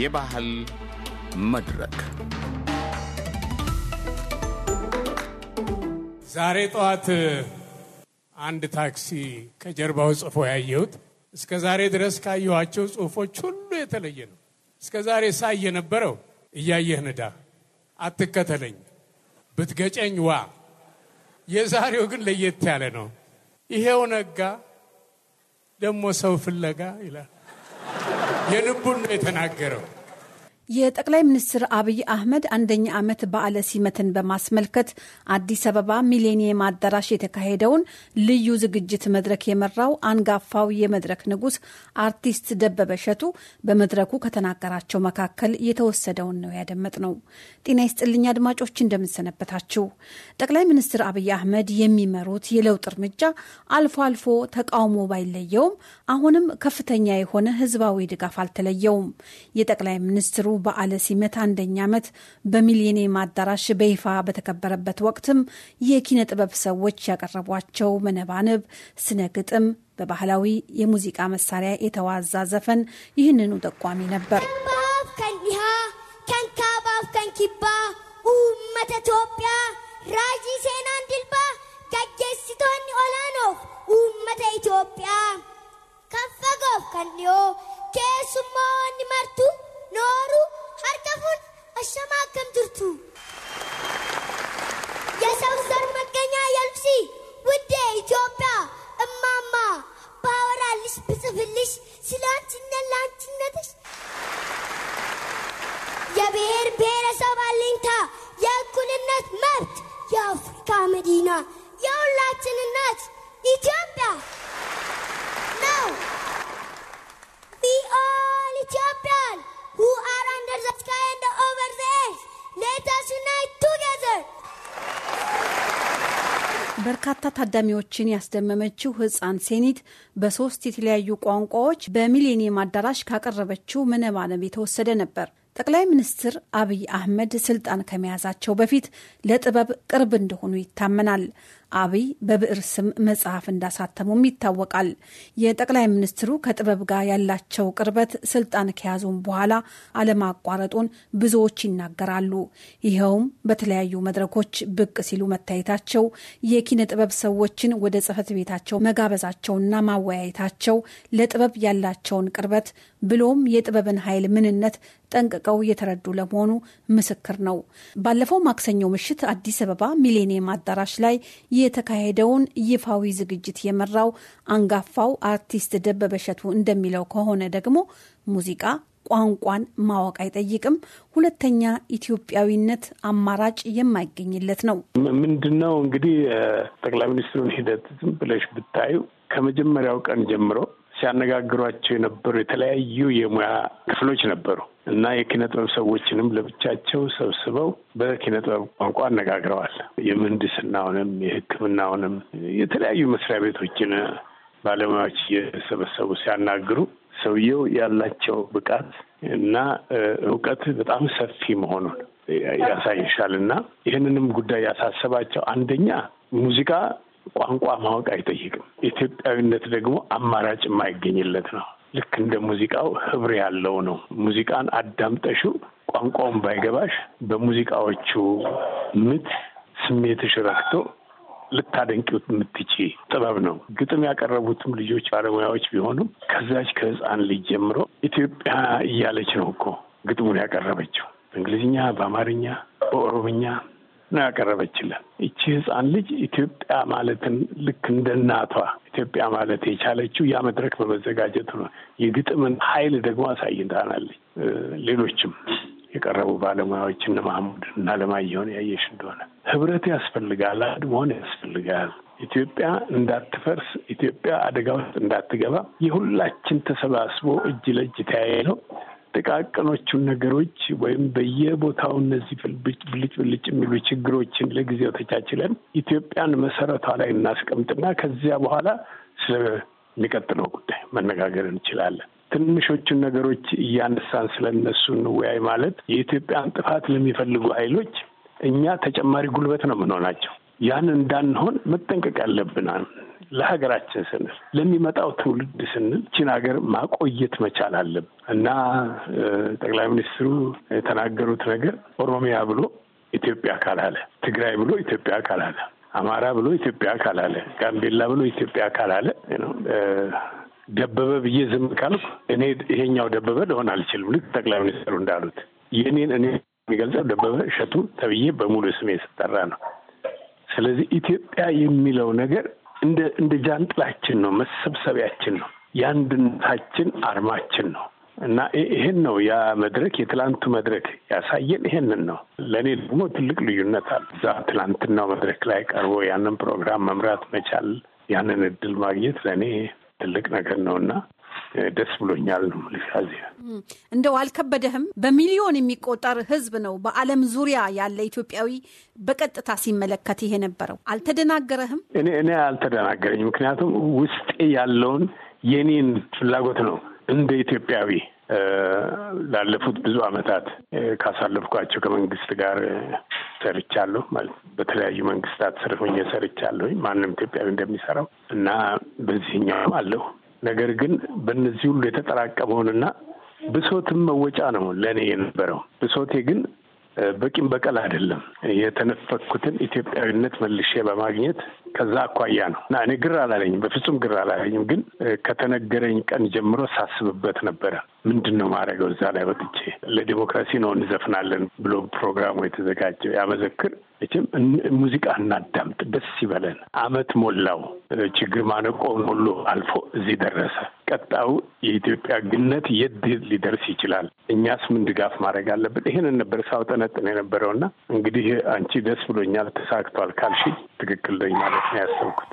የባህል መድረክ ዛሬ ጠዋት አንድ ታክሲ ከጀርባው ጽፎ ያየሁት እስከ ዛሬ ድረስ ካየኋቸው ጽሁፎች ሁሉ የተለየ ነው። እስከ ዛሬ ሳይ የነበረው እያየህ ንዳ፣ አትከተለኝ፣ ብትገጨኝ ዋ። የዛሬው ግን ለየት ያለ ነው። ይሄው ነጋ ደግሞ ሰው ፍለጋ ይላል። የልቡን ነው የተናገረው። የጠቅላይ ሚኒስትር አብይ አህመድ አንደኛ ዓመት በዓለ ሲመትን በማስመልከት አዲስ አበባ ሚሌኒየም አዳራሽ የተካሄደውን ልዩ ዝግጅት መድረክ የመራው አንጋፋው የመድረክ ንጉሥ አርቲስት ደበበ በመድረኩ ከተናገራቸው መካከል የተወሰደውን ነው ነው። ጤና ይስጥልኝ አድማጮች፣ እንደምንሰነበታችሁ። ጠቅላይ ሚኒስትር አብይ አህመድ የሚመሩት የለውጥ እርምጃ አልፎ አልፎ ተቃውሞ ባይለየውም አሁንም ከፍተኛ የሆነ ህዝባዊ ድጋፍ አልተለየውም። የጠቅላይ ሚኒስትሩ በዓለ ሲመት አንደኛ ዓመት በሚሊኒየም አዳራሽ በይፋ በተከበረበት ወቅትም የኪነ ጥበብ ሰዎች ያቀረቧቸው መነባንብ፣ ስነ ግጥም፣ በባህላዊ የሙዚቃ መሳሪያ የተዋዛ ዘፈን ይህንኑ ጠቋሚ ነበር። ከንኪባ ኡመተ ኢትዮጵያ ራጂ ሴናን ድልባ ገጌሲቶኒ ኦላኖፍ ኡመተ ኢትዮጵያ ከፈጎፍ ከንዮ keessummoonni martuu. በርካታ ታዳሚዎችን ያስደመመችው ህፃን ሴኒት በሶስት የተለያዩ ቋንቋዎች በሚሌኒየም አዳራሽ ካቀረበችው ምነባነብ የተወሰደ ነበር። ጠቅላይ ሚኒስትር አብይ አህመድ ስልጣን ከመያዛቸው በፊት ለጥበብ ቅርብ እንደሆኑ ይታመናል። አብይ በብዕር ስም መጽሐፍ እንዳሳተሙም ይታወቃል። የጠቅላይ ሚኒስትሩ ከጥበብ ጋር ያላቸው ቅርበት ስልጣን ከያዙም በኋላ አለማቋረጡን ብዙዎች ይናገራሉ። ይኸውም በተለያዩ መድረኮች ብቅ ሲሉ መታየታቸው፣ የኪነ ጥበብ ሰዎችን ወደ ጽህፈት ቤታቸው መጋበዛቸውና ማወያየታቸው ለጥበብ ያላቸውን ቅርበት ብሎም የጥበብን ኃይል ምንነት ጠንቅቀው የተረዱ ለመሆኑ ምስክር ነው። ባለፈው ማክሰኞ ምሽት አዲስ አበባ ሚሌኒየም አዳራሽ ላይ የተካሄደውን ይፋዊ ዝግጅት የመራው አንጋፋው አርቲስት ደበበ እሸቱ እንደሚለው ከሆነ ደግሞ ሙዚቃ ቋንቋን ማወቅ አይጠይቅም። ሁለተኛ ኢትዮጵያዊነት አማራጭ የማይገኝለት ነው። ምንድነው እንግዲህ ጠቅላይ ሚኒስትሩን ሂደት ዝም ብለሽ ብታዩ ከመጀመሪያው ቀን ጀምሮ ሲያነጋግሯቸው የነበሩ የተለያዩ የሙያ ክፍሎች ነበሩ እና የኪነ ጥበብ ሰዎችንም ለብቻቸው ሰብስበው በኪነ ጥበብ ቋንቋ አነጋግረዋል። የምህንድስናውንም፣ የሕክምናውንም የተለያዩ መስሪያ ቤቶችን ባለሙያዎች እየሰበሰቡ ሲያናግሩ ሰውየው ያላቸው ብቃት እና እውቀት በጣም ሰፊ መሆኑን ያሳይሻል እና ይህንንም ጉዳይ ያሳሰባቸው አንደኛ ሙዚቃ ቋንቋ ማወቅ አይጠይቅም። ኢትዮጵያዊነት ደግሞ አማራጭ የማይገኝለት ነው። ልክ እንደ ሙዚቃው ህብር ያለው ነው። ሙዚቃን አዳምጠሹ ቋንቋውን ባይገባሽ በሙዚቃዎቹ ምት ስሜትሽ ረክቶ ልታደንቂው የምትች ጥበብ ነው። ግጥም ያቀረቡትም ልጆች ባለሙያዎች ቢሆኑም ከዛች ከህፃን ልጅ ጀምሮ ኢትዮጵያ እያለች ነው እኮ ግጥሙን ያቀረበችው በእንግሊዝኛ፣ በአማርኛ፣ በኦሮምኛ ነው ያቀረበችልን። ይቺ ህፃን ልጅ ኢትዮጵያ ማለትን ልክ እንደ እናቷ ኢትዮጵያ ማለት የቻለችው ያ መድረክ በመዘጋጀቱ ነው። የግጥምን ኃይል ደግሞ አሳይታናለች። ሌሎችም የቀረቡ ባለሙያዎች እነ ማህሙድ እና ለማየሆን ያየሽ እንደሆነ ህብረት ያስፈልጋል፣ አንድ መሆን ያስፈልጋል። ኢትዮጵያ እንዳትፈርስ፣ ኢትዮጵያ አደጋ ውስጥ እንዳትገባ የሁላችን ተሰባስቦ እጅ ለእጅ ነው ጥቃቅኖቹን ነገሮች ወይም በየቦታው እነዚህ ብልጭ ብልጭ የሚሉ ችግሮችን ለጊዜው ተቻችለን ኢትዮጵያን መሰረቷ ላይ እናስቀምጥና ከዚያ በኋላ ስለሚቀጥለው ጉዳይ መነጋገር እንችላለን። ትንሾቹን ነገሮች እያነሳን ስለነሱ እንወያይ ማለት የኢትዮጵያን ጥፋት ለሚፈልጉ ኃይሎች እኛ ተጨማሪ ጉልበት ነው የምንሆናቸው። ያን እንዳንሆን መጠንቀቅ ያለብናል። ለሀገራችን ስንል ለሚመጣው ትውልድ ስንል ችን ሀገር ማቆየት መቻል አለም እና ጠቅላይ ሚኒስትሩ የተናገሩት ነገር ኦሮሚያ ብሎ ኢትዮጵያ ካላለ፣ ትግራይ ብሎ ኢትዮጵያ ካላለ፣ አማራ ብሎ ኢትዮጵያ ካላለ፣ ጋምቤላ ብሎ ኢትዮጵያ ካላለ ደበበ ብዬ ዝም ካልኩ እኔ ይሄኛው ደበበ ልሆን አልችልም። ልክ ጠቅላይ ሚኒስትሩ እንዳሉት የእኔን እኔ የሚገልጸው ደበበ እሸቱ ተብዬ በሙሉ ስሜ ስጠራ ነው። ስለዚህ ኢትዮጵያ የሚለው ነገር እንደ እንደ ጃንጥላችን ነው፣ መሰብሰቢያችን ነው፣ የአንድነታችን አርማችን ነው እና ይሄን ነው ያ መድረክ የትላንቱ መድረክ ያሳየን ይሄንን ነው። ለእኔ ደግሞ ትልቅ ልዩነት አለ። እዛ ትላንትናው መድረክ ላይ ቀርቦ ያንን ፕሮግራም መምራት መቻል፣ ያንን እድል ማግኘት ለእኔ ትልቅ ነገር ነው እና ደስ ብሎኛል። ሊሳዚያ እንደው አልከበደህም? በሚሊዮን የሚቆጠር ህዝብ ነው በዓለም ዙሪያ ያለ ኢትዮጵያዊ በቀጥታ ሲመለከት ይሄ ነበረው። አልተደናገረህም? እኔ እኔ አልተደናገረኝ። ምክንያቱም ውስጤ ያለውን የኔን ፍላጎት ነው እንደ ኢትዮጵያዊ ላለፉት ብዙ ዓመታት ካሳለፍኳቸው ከመንግስት ጋር ሰርቻለሁ ማለት በተለያዩ መንግስታት ስር ሆኜ ሰርቻለሁ። ማንም ኢትዮጵያዊ እንደሚሰራው እና በዚህኛውም አለሁ ነገር ግን በእነዚህ ሁሉ የተጠራቀመውንና ብሶትም መወጫ ነው ለእኔ የነበረው። ብሶቴ ግን በቂም በቀል አይደለም። የተነፈኩትን ኢትዮጵያዊነት መልሼ በማግኘት ከዛ አኳያ ነው እና እኔ ግር አላለኝም፣ በፍጹም ግር አላለኝም። ግን ከተነገረኝ ቀን ጀምሮ ሳስብበት ነበረ። ምንድን ነው ማድረገው? እዛ ላይ ወጥቼ ለዲሞክራሲ ነው እንዘፍናለን ብሎ ፕሮግራሙ የተዘጋጀው ያመዘክር መቼም ሙዚቃ እናዳምጥ፣ ደስ ይበለን። አመት ሞላው ችግር ማነቆ ሁሉ አልፎ እዚህ ደረሰ። ቀጣዩ የኢትዮጵያ ግነት የት ሊደርስ ይችላል? እኛስ ምን ድጋፍ ማድረግ አለብን? ይህንን ነበር ሳውጠነጥን እና እንግዲህ አንቺ ደስ ብሎኛል ተሳክቷል ካልሽ ትክክል ነኝ ማለት ነው ያሰብኩት።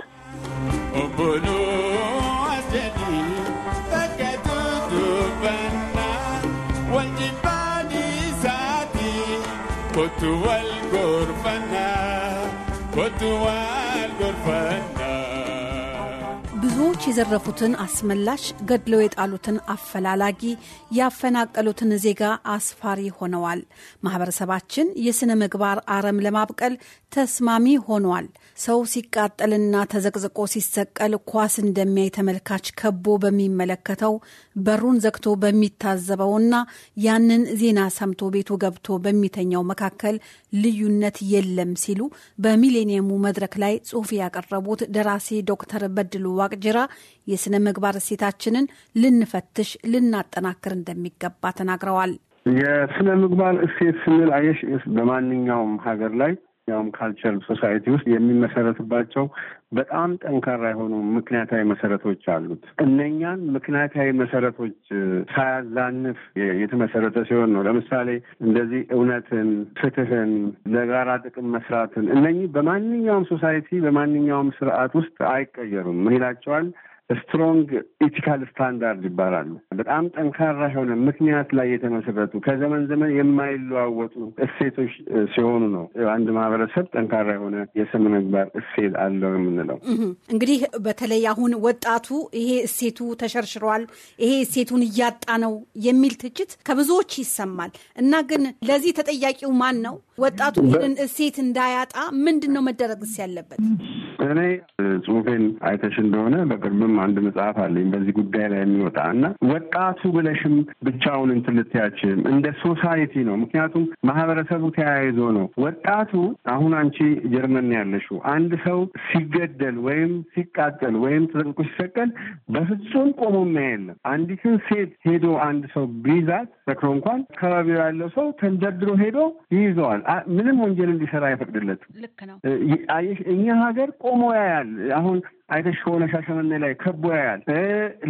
Go to Al Gorfana, to ሰዎች የዘረፉትን አስመላሽ፣ ገድለው የጣሉትን አፈላላጊ፣ ያፈናቀሉትን ዜጋ አስፋሪ ሆነዋል። ማህበረሰባችን የሥነ ምግባር አረም ለማብቀል ተስማሚ ሆኗል። ሰው ሲቃጠልና ተዘቅዝቆ ሲሰቀል ኳስ እንደሚያይ ተመልካች ከቦ በሚመለከተው በሩን ዘግቶ በሚታዘበውና ያንን ዜና ሰምቶ ቤቱ ገብቶ በሚተኛው መካከል ልዩነት የለም ሲሉ በሚሌኒየሙ መድረክ ላይ ጽሑፍ ያቀረቡት ደራሲ ዶክተር በድሉ ዋቅጅራ የስነ ምግባር እሴታችንን ልንፈትሽ፣ ልናጠናክር እንደሚገባ ተናግረዋል። የስነ ምግባር እሴት ስንል አየሽ፣ በማንኛውም ሀገር ላይ ያውም ካልቸር ሶሳይቲ ውስጥ የሚመሰረትባቸው በጣም ጠንካራ የሆኑ ምክንያታዊ መሰረቶች አሉት። እነኛን ምክንያታዊ መሰረቶች ሳያዛንፍ የተመሰረተ ሲሆን ነው። ለምሳሌ እንደዚህ እውነትን፣ ፍትህን፣ ለጋራ ጥቅም መስራትን እነኚህ በማንኛውም ሶሳይቲ በማንኛውም ስርዓት ውስጥ አይቀየሩም። ምን ይላቸዋል? ስትሮንግ ኢቲካል ስታንዳርድ ይባላሉ። በጣም ጠንካራ የሆነ ምክንያት ላይ የተመሰረቱ ከዘመን ዘመን የማይለዋወጡ እሴቶች ሲሆኑ ነው አንድ ማህበረሰብ ጠንካራ የሆነ የስነ ምግባር እሴት አለው የምንለው። እንግዲህ በተለይ አሁን ወጣቱ ይሄ እሴቱ ተሸርሽሯል፣ ይሄ እሴቱን እያጣ ነው የሚል ትችት ከብዙዎች ይሰማል እና ግን ለዚህ ተጠያቂው ማን ነው? ወጣቱ ይህንን እሴት እንዳያጣ ምንድን ነው መደረግስ ያለበት? እኔ ጽሁፌን አይተሽ እንደሆነ በቅርብም አንድ መጽሐፍ አለኝ በዚህ ጉዳይ ላይ የሚወጣ እና ወጣቱ ብለሽም ብቻውን እንትን ልትያችም እንደ ሶሳይቲ ነው። ምክንያቱም ማህበረሰቡ ተያይዞ ነው። ወጣቱ አሁን አንቺ ጀርመን ያለሽው አንድ ሰው ሲገደል ወይም ሲቃጠል ወይም ተጠቅቆ ሲሰቀል በፍጹም ቆሞ የለም። አንዲትን ሴት ሄዶ አንድ ሰው ቢይዛት ሰክሮ እንኳን አካባቢው ያለው ሰው ተንደርድሮ ሄዶ ይይዘዋል። ምንም ወንጀል እንዲሰራ አይፈቅድለትም። ልክ ነው። እኛ ሀገር ቆሞ ያያል አሁን አይተሽ ከሆነ ሻሸመኔ ላይ ከቦ ያያል።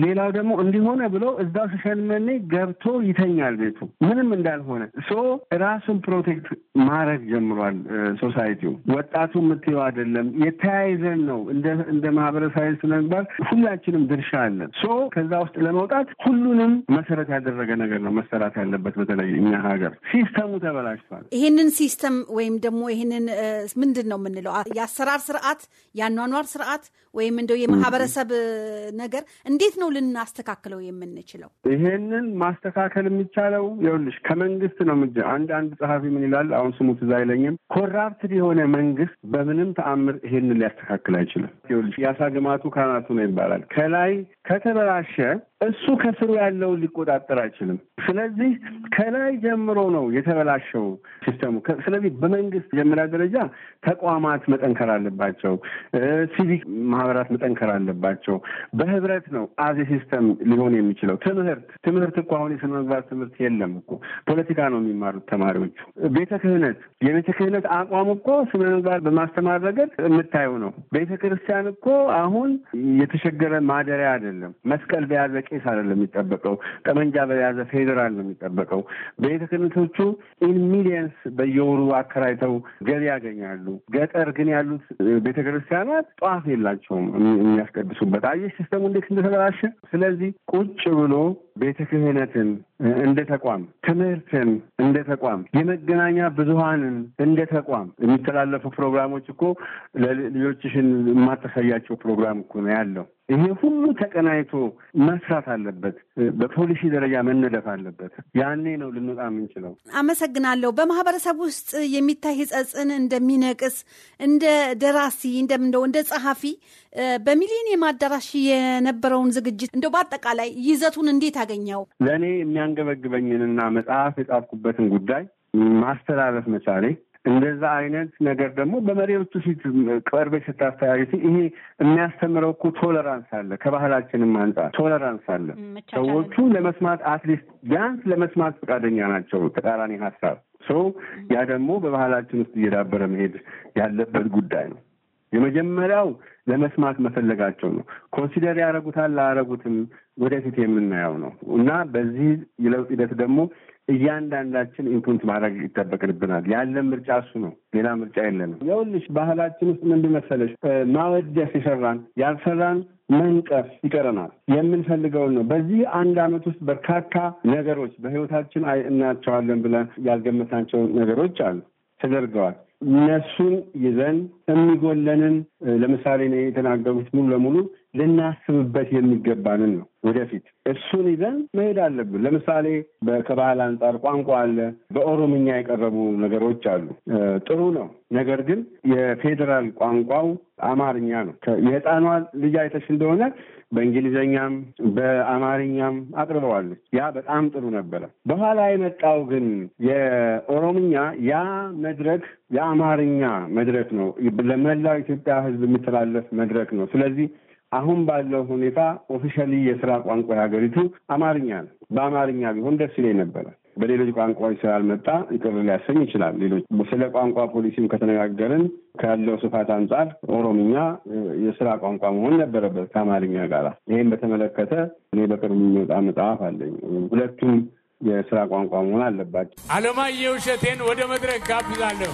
ሌላው ደግሞ እንዲሆነ ብሎ እዛው ሻሸመኔ ገብቶ ይተኛል ቤቱ ምንም እንዳልሆነ። ሶ ራሱን ፕሮቴክት ማድረግ ጀምሯል ሶሳይቲው። ወጣቱ የምትየው አይደለም፣ የተያይዘን ነው እንደ ማህበረሰብ ስነ ሁላችንም ድርሻ አለን። ሶ ከዛ ውስጥ ለመውጣት ሁሉንም መሰረት ያደረገ ነገር ነው መሰራት ያለበት። በተለይ እኛ ሀገር ሲስተሙ ተበላሽቷል። ይህንን ሲስተም ወይም ደግሞ ይህንን ምንድን ነው የምንለው የአሰራር ስርዓት የአኗኗር ስርዓት ወይ ወይም እንደው የማህበረሰብ ነገር እንዴት ነው ልናስተካክለው የምንችለው? ይሄንን ማስተካከል የሚቻለው ይኸውልሽ ከመንግስት ነው። ምጅ አንድ አንድ ጸሐፊ ምን ይላል አሁን ስሙ ትዝ አይለኝም። ኮራፕትድ የሆነ መንግስት በምንም ተአምር ይሄንን ሊያስተካክል አይችልም። ይኸውልሽ የአሳ ግማቱ ካናቱ ነው ይባላል። ከላይ ከተበላሸ እሱ ከስሩ ያለውን ሊቆጣጠር አይችልም። ስለዚህ ከላይ ጀምሮ ነው የተበላሸው ሲስተሙ። ስለዚህ በመንግስት መጀመሪያ ደረጃ ተቋማት መጠንከር አለባቸው። ሲቪክ ማህበራት መጠንከር አለባቸው። በህብረት ነው አዜ ሲስተም ሊሆን የሚችለው። ትምህርት ትምህርት እኮ አሁን የስነ ምግባር ትምህርት የለም እኮ ፖለቲካ ነው የሚማሩት ተማሪዎቹ። ቤተ ክህነት የቤተ ክህነት አቋም እኮ ስነ ምግባር በማስተማር ረገድ የምታየው ነው። ቤተ ክርስቲያን እኮ አሁን የተሸገረ ማደሪያ አይደለም። መስቀል በያዘ ቄስ አይደለም የሚጠበቀው፣ ጠመንጃ በያዘ ፌዴራል ነው የሚጠበቀው። ቤተ ክህነቶቹ ኢን ሚሊየንስ በየወሩ አከራይተው ገቢ ያገኛሉ። ገጠር ግን ያሉት ቤተ ክርስቲያናት ጧፍ የላቸውም የሚያስቀድሱበት። አየሽ ሲስተሙ እንዴት እንደተበላሸ። ስለዚህ ቁጭ ብሎ ቤተ ክህነትን እንደ ተቋም፣ ትምህርትን እንደ ተቋም፣ የመገናኛ ብዙሃንን እንደ ተቋም የሚተላለፉ ፕሮግራሞች እኮ ለልጆችሽን የማታሳያቸው ፕሮግራም እኮ ነው ያለው። ይሄ ሁሉ ተቀናይቶ መስራት አለበት። በፖሊሲ ደረጃ መነደፍ አለበት። ያኔ ነው ልንወጣ የምንችለው። አመሰግናለሁ። በማህበረሰብ ውስጥ የሚታይ ሕጸጽን እንደሚነቅስ እንደ ደራሲ እንደምንደው እንደ ጸሐፊ በሚሊኒየም አዳራሽ የነበረውን ዝግጅት እንደው በአጠቃላይ ይዘቱን እንዴት የምታገኘው? ለእኔ የሚያንገበግበኝንና መጽሐፍ የጻፍኩበትን ጉዳይ ማስተላለፍ መቻሌ እንደዛ አይነት ነገር ደግሞ በመሪዎቹ ፊት ቀርበሽ ስታስተያየት ይሄ የሚያስተምረው እኮ ቶለራንስ አለ። ከባህላችንም አንጻር ቶለራንስ አለ። ሰዎቹ ለመስማት አትሊስት ቢያንስ ለመስማት ፈቃደኛ ናቸው ተቃራኒ ሀሳብ ሰው ያ ደግሞ በባህላችን ውስጥ እየዳበረ መሄድ ያለበት ጉዳይ ነው። የመጀመሪያው ለመስማት መፈለጋቸው ነው። ኮንሲደር ያደረጉታል ላያደረጉትም ወደፊት የምናየው ነው እና በዚህ የለውጥ ሂደት ደግሞ እያንዳንዳችን ኢንፑንት ማድረግ ይጠበቅብናል። ያለን ምርጫ እሱ ነው። ሌላ ምርጫ የለንም። የውልሽ ባህላችን ውስጥ ምንድን መሰለሽ ማወደስ የሰራን ያልሰራን መንቀፍ ይቀረናል። የምንፈልገውን ነው። በዚህ አንድ አመት ውስጥ በርካታ ነገሮች በህይወታችን እናቸዋለን እናያቸዋለን ብለን ያልገመታቸው ነገሮች አሉ ተደርገዋል። እነሱን ይዘን የሚጎለንን ለምሳሌ የተናገሩት ሙሉ ለሙሉ ልናስብበት የሚገባንን ነው። ወደፊት እሱን ይዘን መሄድ አለብን። ለምሳሌ ከባህል አንጻር ቋንቋ አለ። በኦሮምኛ የቀረቡ ነገሮች አሉ። ጥሩ ነው። ነገር ግን የፌዴራል ቋንቋው አማርኛ ነው። የህፃኗ ልጅ አይተሽ እንደሆነ በእንግሊዝኛም በአማርኛም አቅርበዋለች። ያ በጣም ጥሩ ነበረ። በኋላ የመጣው ግን የኦሮምኛ ያ መድረክ የአማርኛ መድረክ ነው። ለመላው ኢትዮጵያ ሕዝብ የሚተላለፍ መድረክ ነው። ስለዚህ አሁን ባለው ሁኔታ ኦፊሻሊ የስራ ቋንቋ የሀገሪቱ አማርኛ ነው። በአማርኛ ቢሆን ደስ ይለኝ ነበረ። በሌሎች ቋንቋዎች ስላልመጣ ይቅር ሊያሰኝ ይችላል። ሌሎች ስለ ቋንቋ ፖሊሲም ከተነጋገርን ካለው ስፋት አንጻር ኦሮምኛ የስራ ቋንቋ መሆን ነበረበት ከአማርኛ ጋር። ይህም በተመለከተ እኔ በቅርብ የሚወጣ መጽሐፍ አለኝ። ሁለቱም የስራ ቋንቋ መሆን አለባቸው። አለማየሁ እሸቴን ወደ መድረክ ጋብዛለሁ።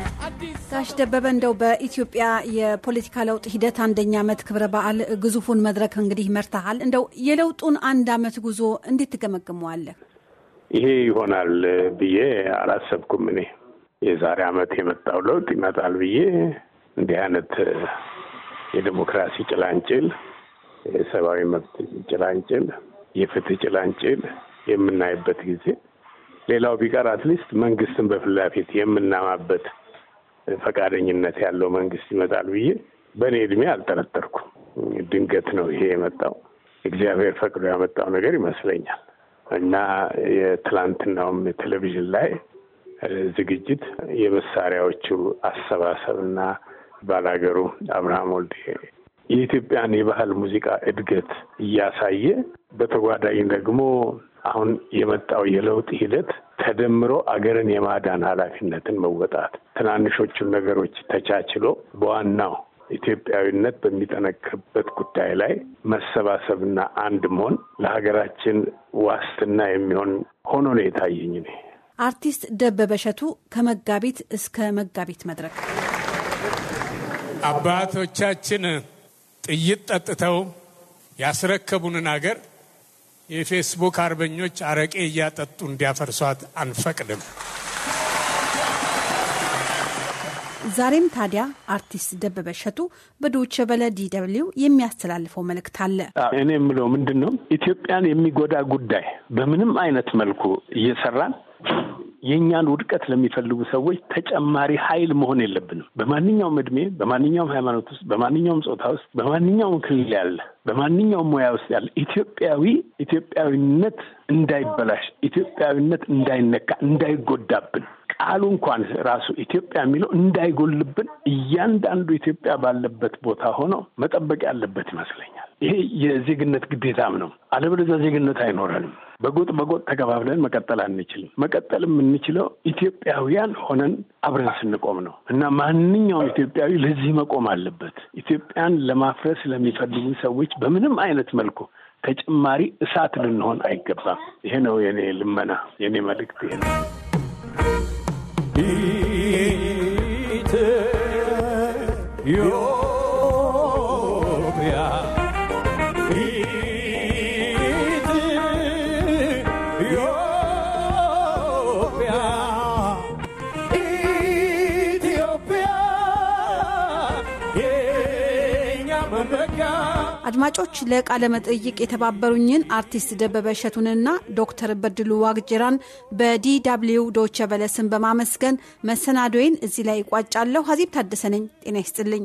ጋሽ ደበበ እንደው በኢትዮጵያ የፖለቲካ ለውጥ ሂደት አንደኛ ዓመት ክብረ በዓል ግዙፉን መድረክ እንግዲህ መርተሃል። እንደው የለውጡን አንድ ዓመት ጉዞ እንዴት ትገመግመዋለህ? ይሄ ይሆናል ብዬ አላሰብኩም። እኔ የዛሬ ዓመት የመጣው ለውጥ ይመጣል ብዬ እንዲህ አይነት የዲሞክራሲ ጭላንጭል፣ የሰብአዊ መብት ጭላንጭል፣ የፍትህ ጭላንጭል የምናይበት ጊዜ ሌላው ቢቀር አትሊስት መንግስትን በፊት ለፊት የምናማበት ፈቃደኝነት ያለው መንግስት ይመጣል ብዬ በእኔ እድሜ አልጠረጠርኩም። ድንገት ነው ይሄ የመጣው። እግዚአብሔር ፈቅዶ ያመጣው ነገር ይመስለኛል እና የትላንትናውም ቴሌቪዥን ላይ ዝግጅት የመሳሪያዎቹ አሰባሰብ እና ባላገሩ አብርሃም ወልዴ የኢትዮጵያን የባህል ሙዚቃ እድገት እያሳየ በተጓዳኝ ደግሞ አሁን የመጣው የለውጥ ሂደት ተደምሮ አገርን የማዳን ኃላፊነትን መወጣት ትናንሾቹን ነገሮች ተቻችሎ በዋናው ኢትዮጵያዊነት በሚጠነክርበት ጉዳይ ላይ መሰባሰብና አንድ መሆን ለሀገራችን ዋስትና የሚሆን ሆኖ ነው የታየኝ። እኔ አርቲስት ደበበ እሸቱ ከመጋቢት እስከ መጋቢት መድረክ አባቶቻችን ጥይት ጠጥተው ያስረከቡንን አገር የፌስቡክ አርበኞች አረቄ እያጠጡ እንዲያፈርሷት አንፈቅድም። ዛሬም ታዲያ አርቲስት ደበበ እሸቱ በዶች በለ ዲ የሚያስተላልፈው መልእክት አለ። እኔ የምለው ምንድን ነው ኢትዮጵያን የሚጎዳ ጉዳይ በምንም አይነት መልኩ እየሰራን የእኛን ውድቀት ለሚፈልጉ ሰዎች ተጨማሪ ኃይል መሆን የለብንም። በማንኛውም እድሜ፣ በማንኛውም ሃይማኖት ውስጥ፣ በማንኛውም ጾታ ውስጥ፣ በማንኛውም ክልል ያለ፣ በማንኛውም ሙያ ውስጥ ያለ ኢትዮጵያዊ ኢትዮጵያዊነት እንዳይበላሽ፣ ኢትዮጵያዊነት እንዳይነካ፣ እንዳይጎዳብን ቃሉ እንኳን ራሱ ኢትዮጵያ የሚለው እንዳይጎልብን እያንዳንዱ ኢትዮጵያ ባለበት ቦታ ሆኖ መጠበቅ ያለበት ይመስለኛል። ይሄ የዜግነት ግዴታም ነው። አለበለዚያ ዜግነት አይኖረንም። በጎጥ በጎጥ ተቀባብለን መቀጠል አንችልም። መቀጠል የምንችለው ኢትዮጵያውያን ሆነን አብረን ስንቆም ነው እና ማንኛውም ኢትዮጵያዊ ለዚህ መቆም አለበት። ኢትዮጵያን ለማፍረስ ለሚፈልጉ ሰዎች በምንም አይነት መልኩ ተጨማሪ እሳት ልንሆን አይገባም። ይሄ ነው የኔ ልመና፣ የኔ መልእክት ይሄ ነው። ኢትዮጵያ አድማጮች ለቃለ መጠይቅ የተባበሩኝን አርቲስት ደበበ እሸቱንና ዶክተር በድሉ ዋቅጅራን በዲw ዶቸ በለስን በማመስገን መሰናዶዬን እዚህ ላይ ይቋጫለሁ። ሀዚብ ታደሰ ነኝ። ጤና ይስጥልኝ።